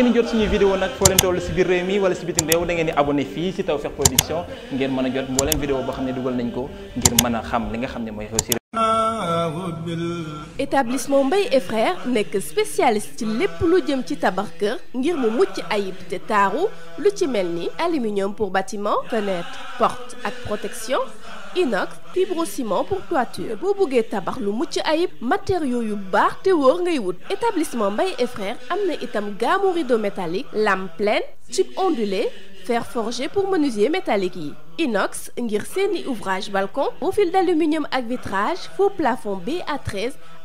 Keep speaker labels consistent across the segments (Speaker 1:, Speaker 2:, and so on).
Speaker 1: ngeen di jot suñuy vidéo nag foo leen toll si biir réew mi wala si bitim réew da ngeen di abonné fii si Tawfekh Production ngeen mën a jot mbooleem vidéo boo xam ne dugal nañ ko ngir mën a xam li nga xam ne mooy xew si
Speaker 2: établissement Mbaye mbay frères nekk spécialiste ci lépp lu jëm ci tabax kër ngir mu mucc ayib te taaru lu ci mel ni aluminium pour bâtiment fenêtre porte ak protection inox fibrociment pour toiture boo bëggee tabax lu mucc ayib matériaux yu baax te woor ngay wut. établissement mbay et am na itam gamme rideau métallique lame pleine type ondulé fer forgé pour menuisier métallique yi. inox ngir seeni ouvrage balcon profil d'aluminium ak vitrage faux plafond BA13.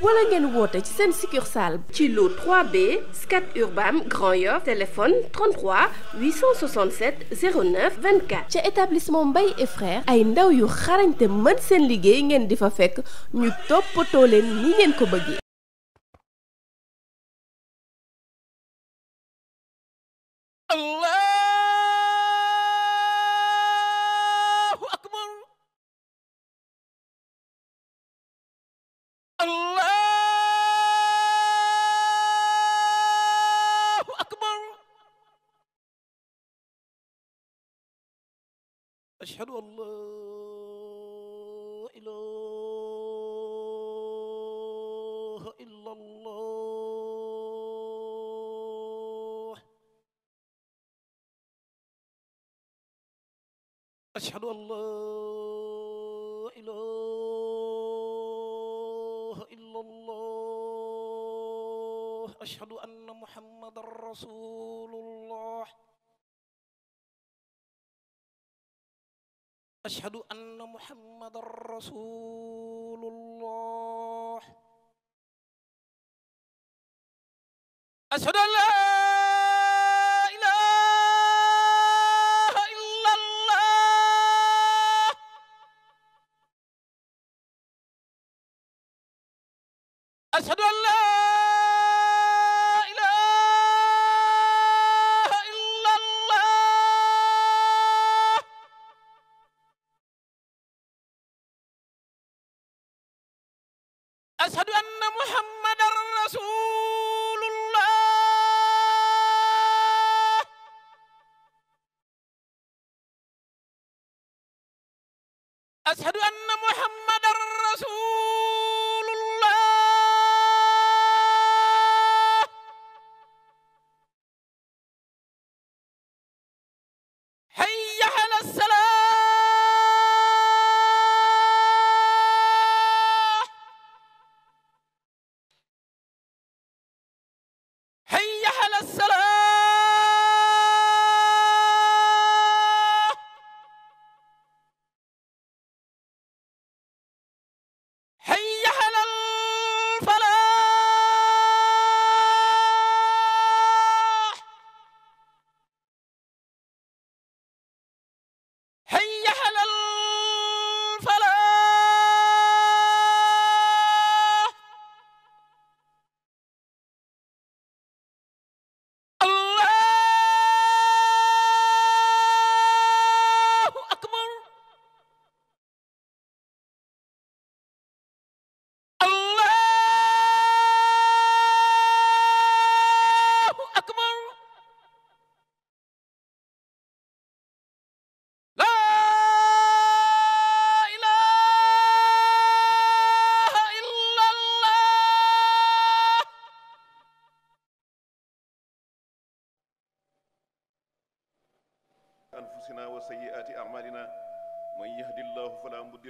Speaker 2: wala ngeen woote ci seen succursale ci lu 3B Scat Urbam Grand Yoff telefon 33 867 09 24 ca établissement Mbaye et ay ndaw yu xarañte mën seen liggéey ngeen di fa fekk ñu toppatoo leen ngeen ko bëggee
Speaker 3: ashhadu an laa ilaaha illa allah ashhadu an laa ilaaha illa allah ashhadu anna muhammadan rasulullah ashhadu anna muhammadan rasulullah ashhadu an la ilaha illallah ashhadu an la ashadu anna muhammadan rasulullah ashadu anna muhammadan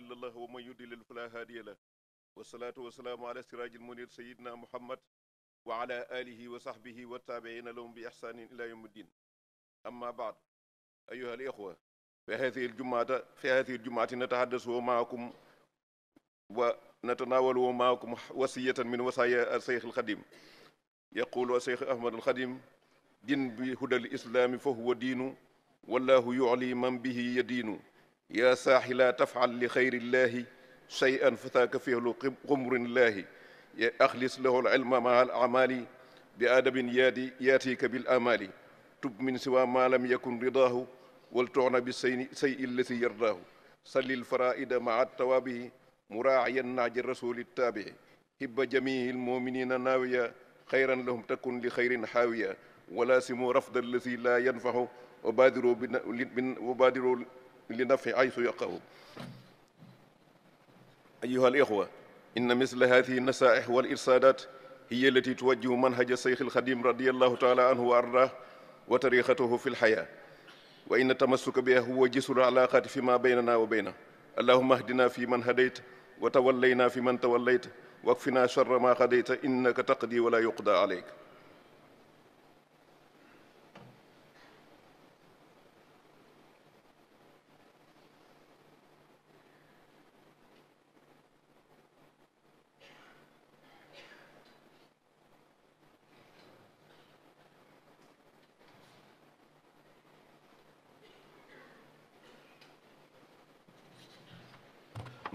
Speaker 1: إلا الله ومن يضلل فلا هادي له والصلاة والسلام على سراج المنير سيدنا محمد وعلى آله وصحبه والتابعين لهم بإحسان إلى يوم الدين أما بعد أيها الإخوة في هذه الجمعة في هذه الجمعة نتحدث معكم ونتناول معكم وصية من وصايا الشيخ الخديم يقول الشيخ أحمد الخديم دين بهدى الإسلام فهو دين والله يعلي من به يدين yaa saaxi laa tafal li xayrillaahi shay'an fataaka fihlu xumrillaahi ya axlis lahu lilma maa al amaali bi adabin yaadi yaatiika bil amaali tub min siwa maa lam yakun ridaahu wal toxna bi say say illati yardaahu sallil faraida maa tawaabihi muraaciyan naaji rasuli taabii hibba jamihi lmuminina naawiya xayran lahum takun li xayrin xaawiya wala simu rafda allati laa yanfaxu wa baadiroo لنفع حيث يقع أيها الإخوة إن مثل هذه النصائح والإرشادات هي التي توجه منهج الشيخ الخديم رضي الله تعالى عنه وأرضاه وطريقته في الحياة وإن التمسك بها هو جسر العلاقات فيما بيننا وبينه اللهم اهدنا فيمن هديت وتولينا فيمن توليت واكفنا شر ما قضيت إنك تقضي ولا يقضى عليك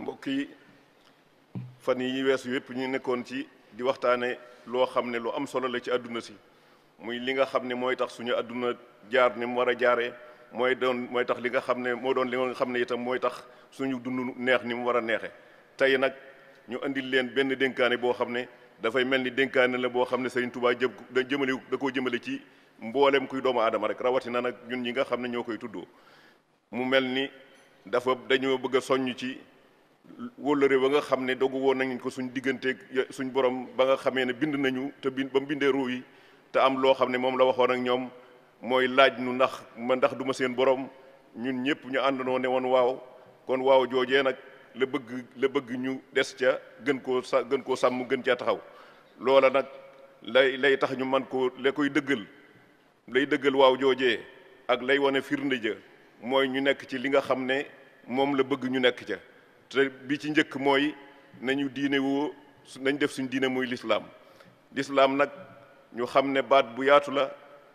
Speaker 1: mbokk yi fan yi weesu yépp ñu nekkoon ci di waxtaane loo xam ne lu am solo la ci àdduna si muy li nga xam ne mooy tax suñu àdduna jaar ni mu war a jaaree mooy doon mooy tax li nga xam ne moo doon li nga xam ne itam mooy tax suñu dund neex ni mu war a neexe tey nag ñu indil leen benn dénkaane boo xam ne dafay mel ni dénkaane la boo xam ne Serigne Touba jëm da jëmale da koo jëmale ci mboolem kuy doomu aadama rek rawatina nag ñun ñi nga xam ne ñoo koy tuddoo mu mel ni dafa dañoo bëgg a soññ ci wóllëre ba nga xam ne dogu woon nañu ko suñ digganteeg suñ borom ba nga xamee ne bind nañu te bind ba mu bindee ruu yi te am loo xam ne moom la waxoon ak ñoom mooy laaj nu ndax ma ndax duma seen borom ñun ñëpp ñu àndandoo woon waaw kon waaw joojee nag la bëgg la bëgg ñu des ca gën koo sa gën koo sàmm gën caa taxaw loola nag lay lay tax ñu man ko la koy dëggal lay dëggal waaw joojee ak lay wane firnde ja mooy ñu nekk ci li nga xam ne moom la bëgg ñu nekk ca te bi ci njëkk mooy nañu diine woo nañ def suñ diine muy lislaam lislaam nag ñu xam ne baat bu yaatu la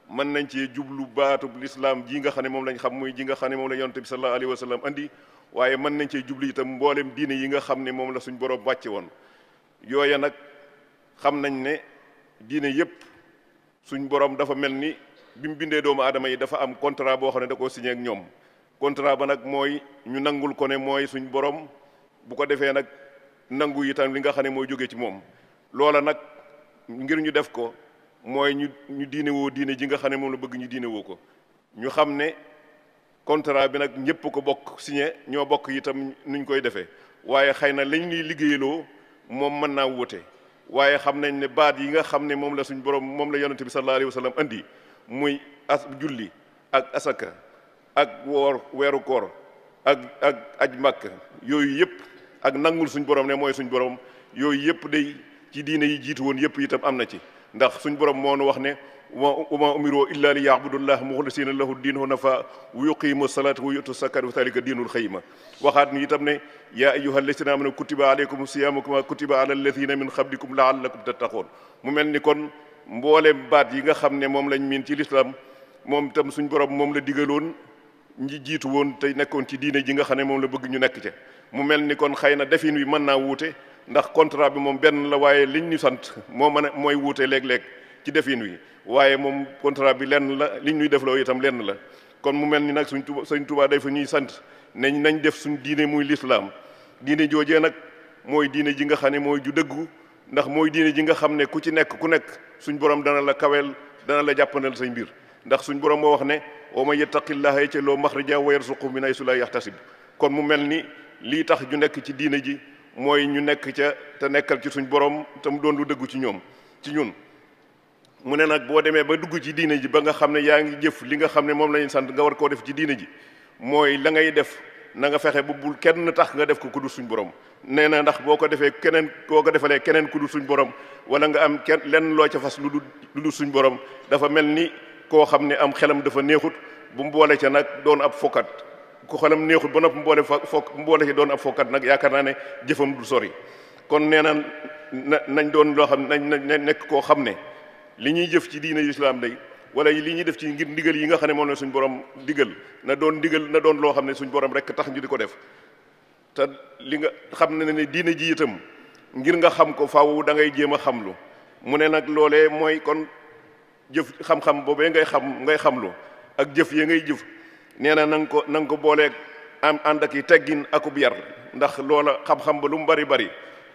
Speaker 1: mën nañ cee jublu baatub lislaam jii nga xam ne moom lañ xam muy ji nga xam ne moom la yonent bi sallallahu alayhi wa sallam andi waaye mën nañ cee jublu itam mboolem yi nga xam ne moom la suñ borom wàcce woon yooya nag xam nañ ne diine yépp suñ borom dafa mel ni bi mu bindee doomu aadama yi dafa am contrat boo xam ne da koo signé ñoom contrat ba nag mooy ñu nangul ko ne mooy suñ boroom bu ko defee nag nangu itam li nga xam ne mooy jóge ci moom loola nag ngir ñu def ko mooy ñu ñu diine woo diine ji nga xam ne moom la bëgg ñu diine woo ko ñu xam ne contrat bi nag ñëpp ko bokk signé ñoo bokk itam nuñ koy defee waaye xëy na lañ ñuy liggéeyaloo moom mën naa wute waaye xam nañ ne baat yi nga xam ne moom la suñ borom moom la yonente bi sallallahu alayhi wa sallam andi muy as julli ak asaka ak woor weeru koor ak ak aj màkk yooyu yëpp ak nangul suñ borom ne mooy suñ borom yooyu yëpp day ci diina yi jiitu woon yëpp itam am na ci ndax suñ borom moo nu wax ne wama umiroo illa li yaabudullah muxlisina lahu diin hunafa wa yuqimu salata wa yutu zakat wa dalika diinul xayma waxaat ni itam ne les yaa ayyuha alladina amanu kutiba aleykum siyaamu kama kutiba ala alladina min qablikum laallakum tattaqoon mu mel ni kon mboolem baat yi nga xam ne moom lañ miin ci lislaam moom itam suñ borom moom la digaloon ñi jiitu woon te nekkoon ci diine ji nga xam ne moom la bëgg ñu nekk ca mu mel ni kon xëy na defin wi mën naa wuute ndax contrat bi moom benn la liñ ñu sant moo mën a mooy wuute léeg-léeg ci defin wi waaye moom contrat bi lenn la liñ ñuy defloo itam lenn la kon mu mel ni nag suñ tuba suñ tubaa day fa ñuy sant ne ñu nañ def suñ diine muy lislaam diine joojee nag mooy diine ji nga xam ne mooy ju dëggu ndax mooy diine ji nga xam ne ku ci nekk ku nekk suñ borom dana la kaweel dana la jàppandal say mbir ndax suñ borom moo wax ne wa man yattaqillaha yaj'al lahu maxraja wa yarzuqhu min haysu la yahtasib kon mu mel ni lii tax ñu nekk ci diina ji mooy ñu nekk ca te nekkal ci suñ borom te mu doon lu dëggu ci ñoom ci ñun mu ne nag boo demee ba dugg ci diina ji ba nga xam ne yaa ngi jëf li nga xam ne moom lañu sant nga war koo def ci diina ji mooy la ngay def na nga fexe ba bul kenn tax nga def ko ku du suñ borom nee na ndax boo ko defee keneen boo ko defalee keneen ku du suñ borom wala nga am kenn lenn loo ca fas lu dul lu suñ borom dafa mel ni koo xam ne am xelam dafa neexut bu mboole ca nag doon ab fokkat ku xelam neexut ba nopp mboole fa fokk mboole ca doon ab fokkat nag yaakaar naa ne jëfam du sori kon nee na nañ doon loo xam nañ nañ nekk koo xam ne li ñuy jëf ci diine islam day wala li ñuy def ci ngir ndigal yi nga xam ne moom la suñ borom digal na doon ndigal na doon loo xam ne suñ borom rek tax ñu ko def te li nga xam ne ne diina ji itam ngir nga xam ko faaw da ngay jéem a xamlu mu ne nag loolee mooy kon jëf xam-xam boobee ngay xam ngay xamlu ak jëf ya ngay jëf nee na na nga ko na ko booleeg am ànd ak i teggin akub yar ndax loola xam-xam ba lu mu bari bari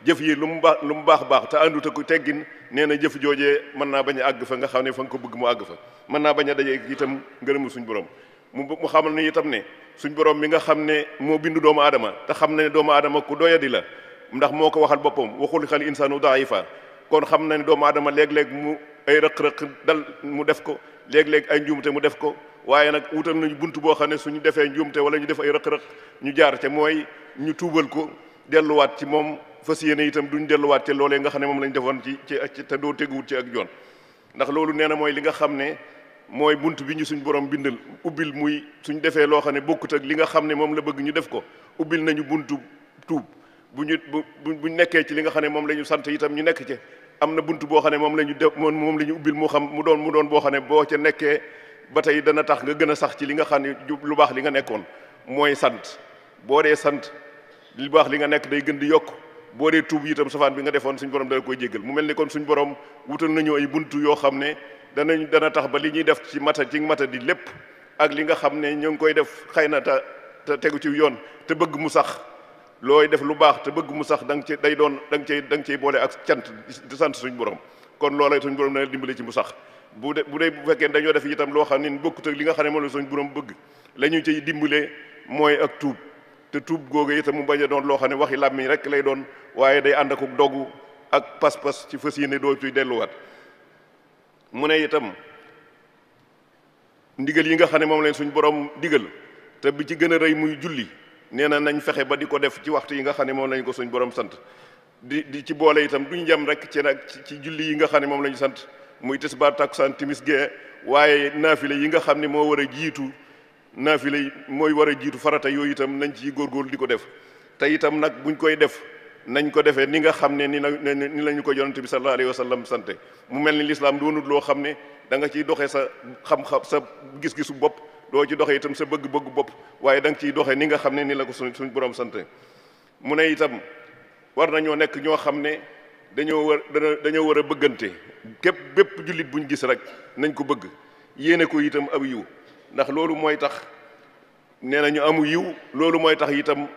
Speaker 1: jëf yi lu mu baax lu mu baax baax te àndut ak teggin nee na jëf jooje mën naa bañ a àgg fa nga xam ne fa nga ko bëgg mu àgg fa mën naa bañ a daje itam ngërëmu suñ borom mu mu xamal ni itam ne suñ borom mi nga xam ne moo bindu doomu aadama te xam na ne doomu aadama ku doyadi la ndax moo ko waxal boppam waxul xal insaanu daifa kon xam na ne doomu léeg-léeg mu ay rëq-rëq dal mu def ko léeg-léeg ay njuumte mu def ko waaye nag wutal nañu bunt boo xam ne su ñu defee njuumte wala ñu def ay rëq-rëq ñu jaar ca mooy ñu tuubal ko delluwaat ci moom fas yéene itam duñ delluwaat ca loolee nga xam ne moom lañ defoon ci ci te doo teguwut ci ak joon ndax loolu nee na mooy li nga xam ne mooy bunt bi ñu suñ borom bindal ubbil muy suñ defee loo xam ne bokkut li nga xam ne moom la bëgg ñu def ko ubbil nañu buntu tuub bu ñu bu bu nekkee ci li nga xam ne moom la ñu sant itam ñu nekk ci am na bunt boo xam ne moom la ñu def moom la ñu ubbil moo xam mu doon mu doon boo xam ne boo ca nekkee ba tey dana tax nga gën a sax ci li nga xam ne lu baax li nga nekkoon mooy sant boo dee sant lu baax li nga nekk day gën di yokk boo dee tuub itam safaan bi nga defoon suñ borom dana koy jéggal mu ni kon suñ borom wutal nañu ay buntu yoo xam ne danañ dana tax ba li ñuy def ci mata ci mata di lépp ak li nga xam ne ñu ngi koy def xëy na te tegu ci yoon te bëgg mu sax looy def lu baax te bëgg mu sax da nga day doon da nga cay da boole ak cant sant suñ borom kon loola suñu borom na dimbale ci mu sax bu dee bu dee bu fekkee dañoo def itam loo xam ne bokkut ak li nga xam ne moom la suñu borom la ñu cay dimbalee mooy ak te tuub googu itam mu bañ doon loo xam ne waxi làmmiñ rek lay doon waaye day ànd ak ak pas ci fas yéene doo ciy delluwaat mu ne itam ndigal yi nga xam ne moom lañ suñu borom digal te bu ci gën a rey muy julli. nee na nañ fexe ba di ko def ci waxtu yi nga xam ne moom lañ ko suñ borom sant di di ci boole itam duñ jëm rek ci nag ci julli yi nga xam ne moom la ñu sant muy tisbaar takkusaan timis gee waaye naafile yi nga xam ne moo war a jiitu naafile yi mooy war a jiitu farata yooyu itam nañ ci góor di ko def te itam nag buñ koy def nañ ko defee ni nga xam ne ni la ni la ñu ko yonante bi sallallahu alayhi wa sallam sante mu mel ni lislaam doonut loo xam ne da nga ciy doxee sa xam-xam sa gis-gisu bopp doo ci doxee itam sa bëgg-bëgg bopp waaye danga nga ciy doxee ni nga xam ne ni la ko suñ suñ borom sant mu ne itam war nañoo nekk ñoo xam ne dañoo war dañoo war a bëggante képp bépp jullit buñ gis rek nañ ko bëgg yéene ko itam ab yiw ndax loolu mooy tax nee nañu amu yiw loolu mooy tax itam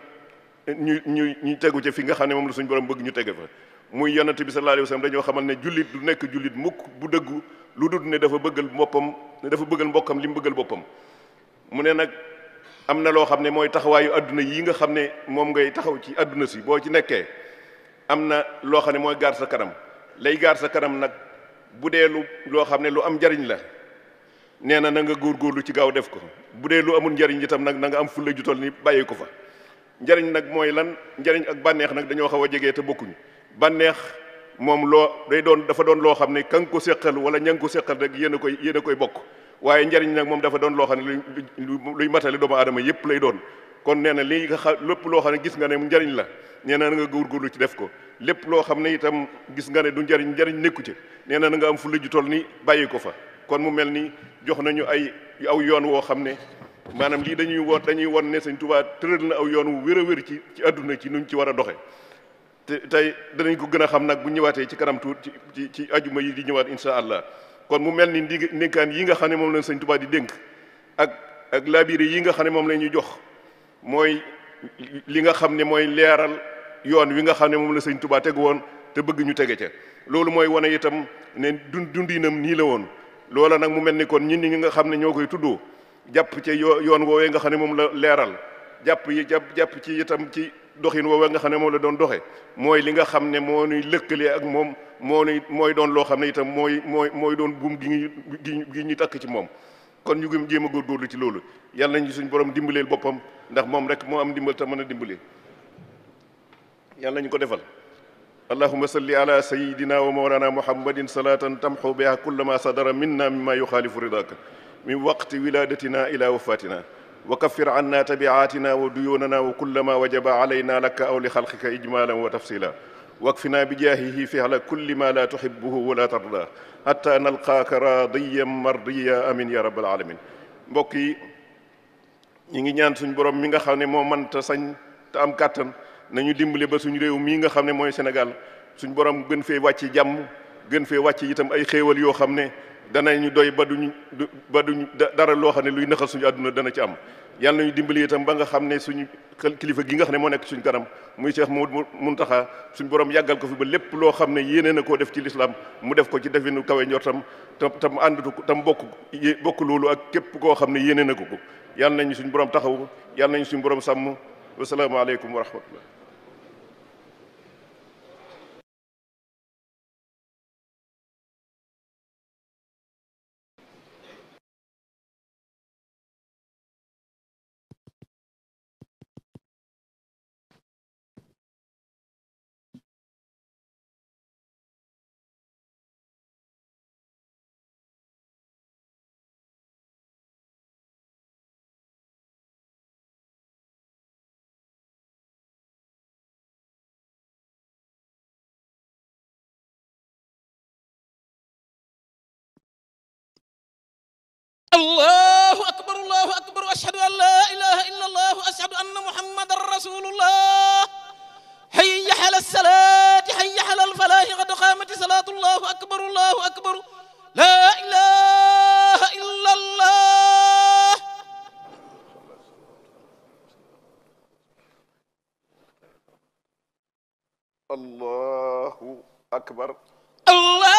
Speaker 1: ñu ñu ñu tegu ca fi nga xam ne moom la suñ borom bëgg ñu tege fa muy yonent bi sallallahu alayhi wasallam dañoo xamal ne jullit du nekk jullit mukk bu dëggu lu dul ne dafa bëggal boppam dafa bëggal mbokkam li mu bëggal boppam mu ne nag am na loo xam ne mooy taxawaayu àdduna yi nga xam ne moom ngay taxaw ci àdduna si boo ci nekkee am na loo xam ne mooy gaar sa kanam lay gaar sa kanam nag bu dee lu loo xam ne lu am njariñ la nee na na nga góorgóorlu ci gaaw def ko bu dee lu amul njariñ itam nag na nga am fulla ju toll ni bàyyi ko fa njariñ nag mooy lan njariñ ak bànneex nag dañoo xaw a jegee te bokkuñu bànneex moom loo day doon dafa doon loo xam ne ka nga ko seqal wala ña ko seqal rek yéen a koy yéen a koy bokk waaye njariñ nag moom dafa doon loo xam ne luy matale doomu aadama yépp lay doon kon nee na lii nga xa lépp loo xam ne gis nga mu njariñ la nee na nga góorgóorlu ci def ko lépp loo xam ne itam gis nga ne du njariñ njariñ nekku ci nee na nga am fulla ju toll ni bàyyi ko fa kon mu mel ni jox nañu ay aw yoon woo xam ne maanaam lii dañuy woon dañuy won ne Sëñ Tuubaa tëral na aw yoon wu wér a wér ci ci àdduna ci nuñ ci war a doxe te tey danañ ko gën a xam nag bu ñëwaatee ci kanam tuut ci ci ajuma yi di ñëwaat insha allah kon mu mel ni ndi ndénkaan yi nga xam ne moom lañ sëñ Tuubaa di dénk ak ak labiré yi nga xam ne moom la ñuy jox mooy li nga xam ne mooy leeral yoon wi nga xam ne moom la sëñ Tuubaa tegu woon te bëgg ñu tege ca loolu mooy wane itam ne dun dundinam nii la woon loola nag mu mel ni kon ñun ñi nga xam ne ñoo koy tuddoo jàpp ci yoon woowee nga xam ne moom la leeral jàpp jàpp jàpp ci itam ci doxin woowa nga xam ne moom la doon doxe mooy li nga xam ne moo nuy lëkkalee ak moom moo nuy mooy doon loo xam ne itam mooy mooy mooy doon buum gi ñu gi ñu takk ci moom kon ñu gëm jéem a góorgóorlu ci loolu yàlla nañu suñu borom dimbaleel boppam ndax moom rek moo am dimbal te mën a dimbali yàlla nañu ko defal allahuma salli ala sayidina wa mawlana muhammadin salatan tamxu biha kulla ma sadara minna mimma yuxaalifu ridaka min waqti wiladatina ila wafatina wa kaffir anna tabi'atina wa duyuunana wa kulla ma wajaba alayna laka aw li xalqika ijmalan wa tafsila wakfina bi jaahihi fihla kulli ma la tuhibbuhu wa la tarda hatta nalqaaka radiyan mardiya amin ya rabbal alamin mbokk yi ñi ngi ñaan suñ borom mi nga xam ne moom mën te sañ te am kàttan nañu dimbale ba suñu réew mii nga xam ne mooy senegal suñ borom gën fee wàcc jàmm gën fe wàcc itam ay xéewal yoo xam ne ñu doy ba duñu ba duñu dara loo xam ne luy naxal suñu àdduna dana ci am yàlla nañu dimbali itam ba nga xam ne suñu kilifa gi nga xam ne moo nekk suñu kanam muy Cheikh Mouhamadou Mountakha suñu borom yàggal ko fi ba lépp loo xam ne yéenee a ko def ci lislaam mu def ko ci definu kawe njortam tam tam àndatu tam bokk bokk loolu ak képp koo xam ne yéenee na ko ko yàlla nañu suñu borom taxaw yàlla nañu suñu borom sàmm
Speaker 3: wasalaamaaleykum wa rahmatullah allahu akbar allahu akbar ashhadu an la ilaha illa allah ashhadu anna
Speaker 1: muhammadan rasulullah hayya ala salaati hayya ala alfalaahi qad qaamati salaatu allahu akbar allahu akbar la ilaha
Speaker 3: illa allah
Speaker 4: allahu akbar
Speaker 3: allah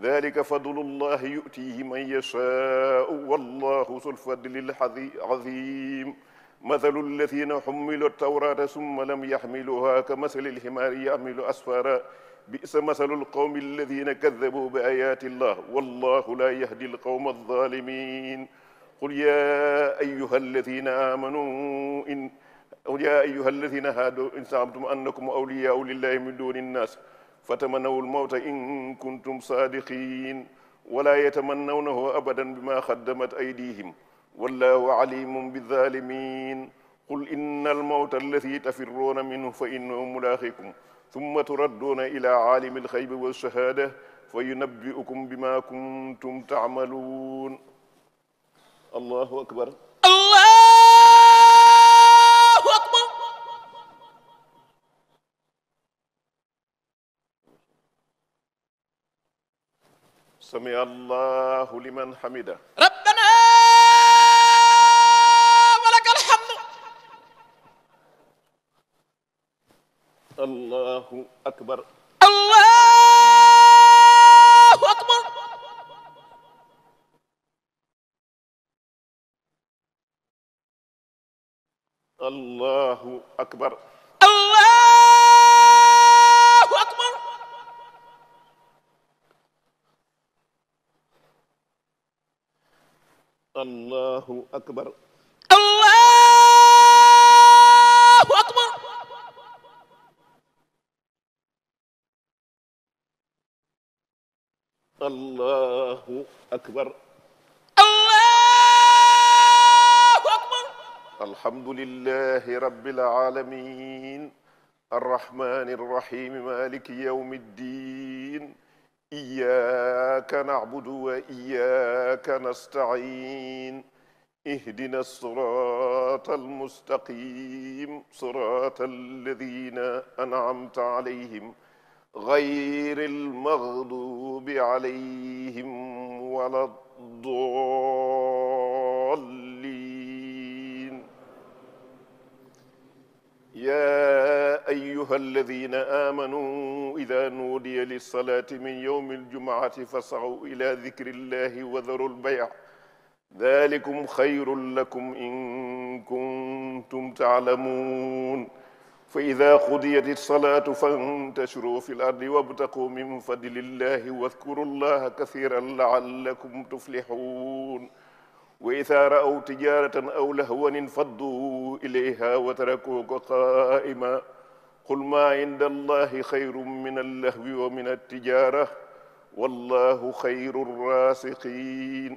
Speaker 1: dalika fadlullahi yutihi man yashaau wallahu zul fadli azim mathalu alladina xummilu tawrata summa lam yaxmiluha ka mathali alximaari yaxmilu asfara bisa mathalu alqawmi alladina kadabu bi ayati llah wallahu la yahdi alqawma alzalimin qul ya ayuha alladina amanu in ya ayuha alladina haadu in zaamtum annakum awliyaau lillahi min duni nnas fatamanawul mawta in kuntum saadiqin wala yatamannawnahu abadan bima xaddamat aydihim wallahu alimun bizalimin qul inna almawta alladi tafirruuna minhu fa innahu mulaaqikum thumma turadduuna ila alimi alxaybi walshahada fa yunabbiukum bima kuntum taamaluun
Speaker 4: allahu akbar
Speaker 1: sami allahu liman hamida
Speaker 3: rabbana walaka alhamdu
Speaker 4: allahu akbar akbar allahu akbar allahu akbar allahu akbar alhamdulillahi rabbil
Speaker 1: alamin الرحمن الرحيم مالك يوم الدين إياك نعبد وإياك نستعين اهدنا الصراط المستقيم صراط الذين أنعمت عليهم غير المغضوب عليهم ولا الضالين يا أيها الذين آمنوا إذا نودي للصلاة من يوم الجمعة فاسعوا إلى ذكر الله وذروا البيع ۖ dalikum xayrun lakum in kuntum taalamuun fa ida qudiyat alsalaatu fantashiruu fi lardi wabtaquu min fadlillahi wadkuru llaha kathiran laallakum tuflixuun wa ida ra'aw tijaratan aw lahwan infadduu ilayha wa tarakuuka qaa'ima qul maa inda allahi xayrun min allahwi wa min altijara
Speaker 4: wallahu xayru raasiqin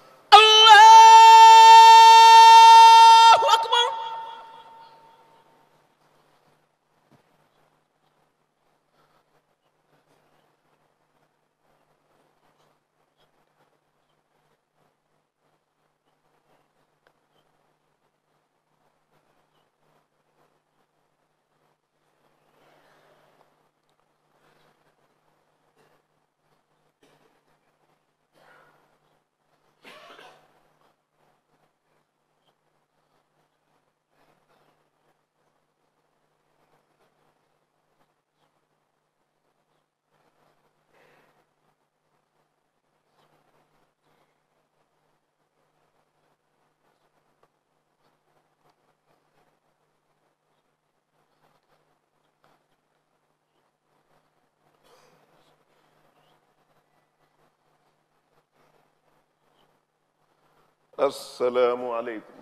Speaker 1: assalaamu aleykum.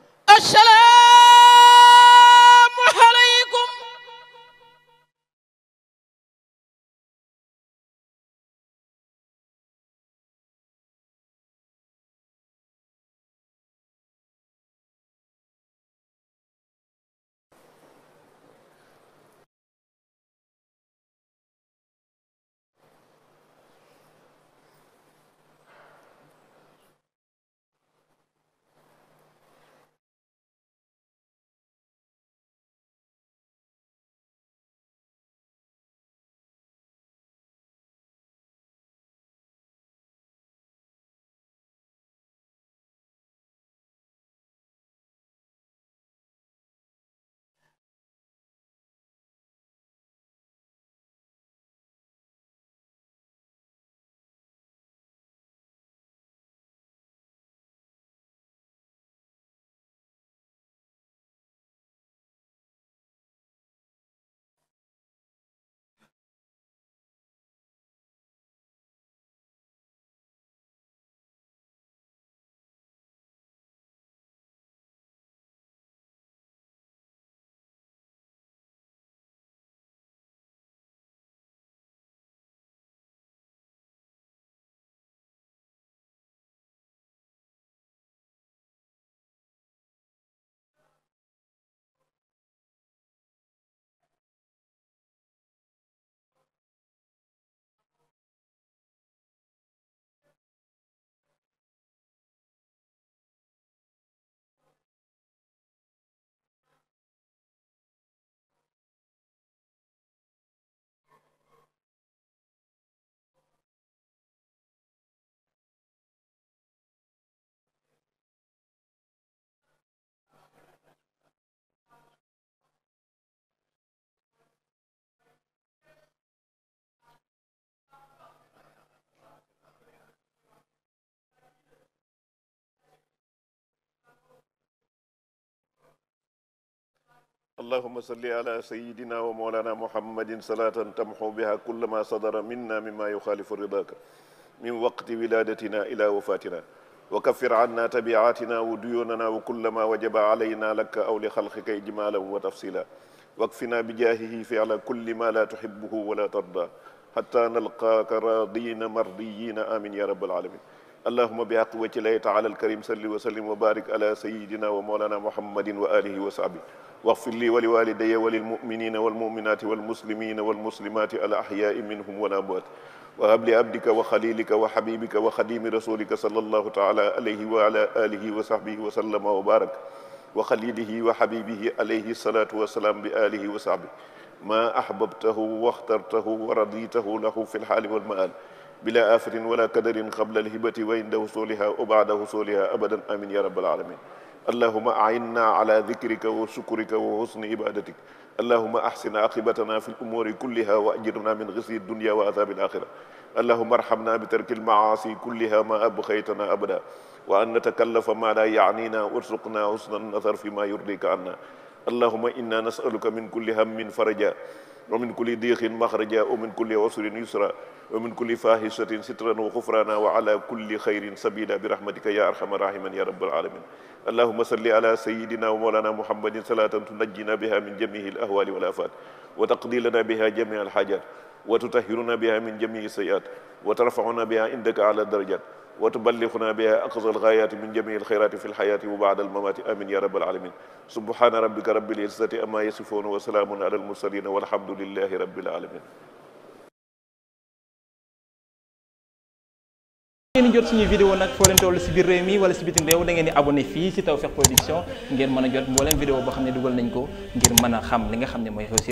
Speaker 1: اللهم صل على سيدنا ومولانا محمد صلاة تمحو بها كل ما صدر منا مما يخالف رضاك من وقت ولادتنا إلى وفاتنا وكفر عنا تبعاتنا وديوننا وكل ما وجب علينا لك أو لخلقك إجمالا وتفصيلا واكفنا بجاهه فعل كل ما لا تحبه ولا ترضى حتى نلقاك راضين مرضيين آمين يا رب العالمين allahuma bi haq wa ci lay taala alkarim salli wa sallim wa barik ala sayidina wa moolana muhammadin wa alihi wa sahbi waxfir lii wali walidaya walil muminina walmuminati walmuslimina walmuslimati al ahyaai minhum wal amwaat wa habli abdika wa xalilika wa xabibika wa xadimi rasulika sallallahu taala alayhi wa ala alihi wa sahbihi wa sallama wa barak wa xaliilihi wa xabibihi alayhi salaatu wa salaam bi alihi wa sahbi ma ahbabtahu waxtartahu wa raditahu lahu fi lxaali walmaal bila afatin wala kadarin qabla alhibati wa inda husuliha wa baada husuliha abadan amin ya rabbal alamin allahuma ainna ala dikrika wa shukrika wa husni ibadatik allahuma ahsin aqibatana fi lumuri kulliha wa ajirna min xisyi dunia wa azabi alaxira allahuma arhamna bi tarki almaasi kulliha ma abxaytana abada wa an natakallafa ma la yaanina warzuqna husna nasar fi ma yurdika anna allahuma inna nasaluka min kulli hammin faraja wa min kulli diixin maxraja wa min kulli usrin yusra wa min kulli fahishatin sitran wa xufrana wa ala kulli xayrin sabila bi rahmatika ya arhama rahiman ya rabbal alamin allahuma salli ala sayidina wa mawlana muhammadin salatan tunajjina biha min jamihi al ahwali wal afat wa taqdi lana biha jamia alhajat wa tutahiruna biha min jamii sayiat wa tarfauna biha indaka ala darajat wa tuballighuna biha aqsal ghayati min jami'il khayrati fil hayati wa ba'da al mamati amin ya rabbal alamin subhana rabbika rabbil izzati amma yasifun wa salamun ala al mursalin walhamdulillahi
Speaker 3: rabbil alamin ngeen jot suñuy vidéo nag foo leen toll biir mi wala si bitim réew da ngeen di abonné fii si Tawfekh Production
Speaker 2: ngeen mën a jot mbooleem vidéo boo xam ne dugal nañ ko ngir mën a xam li nga xam ne mooy xew si